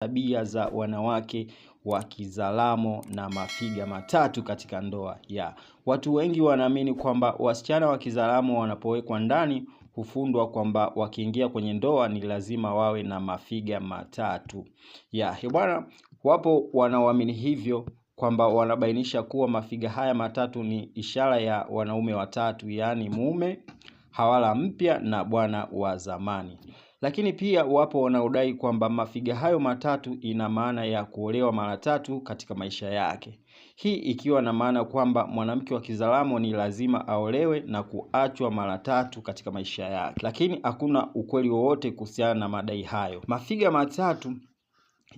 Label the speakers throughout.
Speaker 1: Tabia za wanawake kizalamo na mafiga matatu katika ndoa ya watu wengi wanaamini kwamba wasichana wa kizalamo wanapowekwa ndani hufundwa kwamba wakiingia kwenye ndoa ni lazima wawe na mafiga matatu ya hebwana. Wapo wanaoamini hivyo kwamba wanabainisha kuwa mafiga haya matatu ni ishara ya wanaume watatu, yaani mume, hawala mpya na bwana wa zamani. Lakini pia wapo wanaodai kwamba mafiga hayo matatu ina maana ya kuolewa mara tatu katika maisha yake, hii ikiwa na maana kwamba mwanamke wa kizalamo ni lazima aolewe na kuachwa mara tatu katika maisha yake, lakini hakuna ukweli wowote kuhusiana na madai hayo. Mafiga matatu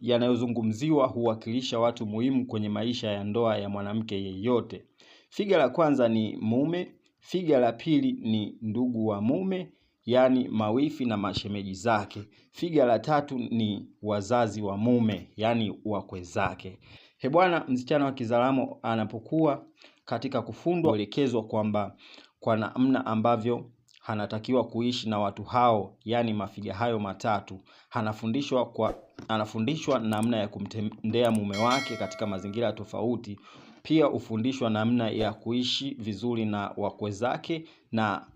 Speaker 1: yanayozungumziwa huwakilisha watu muhimu kwenye maisha ya ndoa ya mwanamke yeyote. Figa la kwanza ni mume, figa la pili ni ndugu wa mume, yaani mawifi na mashemeji zake. Figa la tatu ni wazazi wa mume, yaani wakwe zake. Hebwana, msichana wa Kizaramo anapokuwa katika kufundwa, kuelekezwa kwamba kwa namna ambavyo anatakiwa kuishi na watu hao, yaani mafiga hayo matatu, anafundishwa kwa anafundishwa namna ya kumtendea mume wake katika mazingira tofauti. Pia hufundishwa namna ya kuishi vizuri na wakwe zake na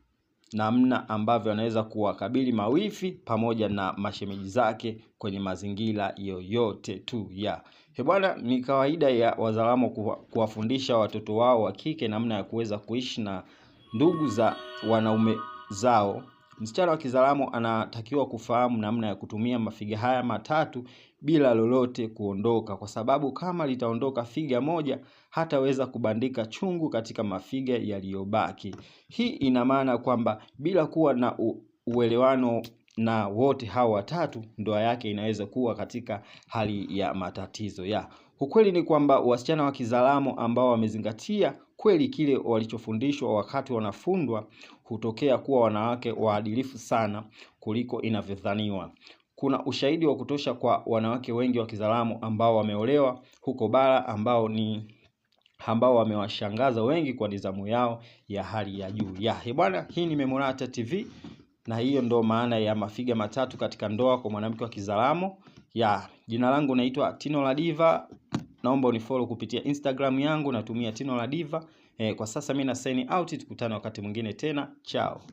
Speaker 1: namna ambavyo anaweza kuwakabili mawifi pamoja na mashemeji zake kwenye mazingira yoyote tu ya hebwana. Ni kawaida ya Wazaramo kuwafundisha watoto wao wa kike namna ya kuweza kuishi na ndugu za wanaume zao Msichana wa Kizaramo anatakiwa kufahamu namna ya kutumia mafiga haya matatu bila lolote kuondoka, kwa sababu kama litaondoka figa moja, hataweza kubandika chungu katika mafiga yaliyobaki. Hii ina maana kwamba bila kuwa na uelewano na wote hao watatu, ndoa yake inaweza kuwa katika hali ya matatizo ya. Ukweli ni kwamba wasichana wa Kizaramo ambao wamezingatia kweli kile walichofundishwa wakati wanafundwa hutokea kuwa wanawake waadilifu sana kuliko inavyodhaniwa. Kuna ushahidi wa kutosha kwa wanawake wengi wa Kizalamu ambao wameolewa huko bara ambao ni ambao wamewashangaza wengi kwa nidhamu yao ya hali ya juu. Ya hebwana, hii ni Memorata TV na hiyo ndo maana ya mafiga matatu katika ndoa kwa mwanamke wa Kizalamu. Ya jina langu naitwa Tino la Diva naomba unifollow kupitia Instagram yangu natumia Tino la Diva. E, kwa sasa mimi na sign out, tukutane wakati mwingine tena, chao.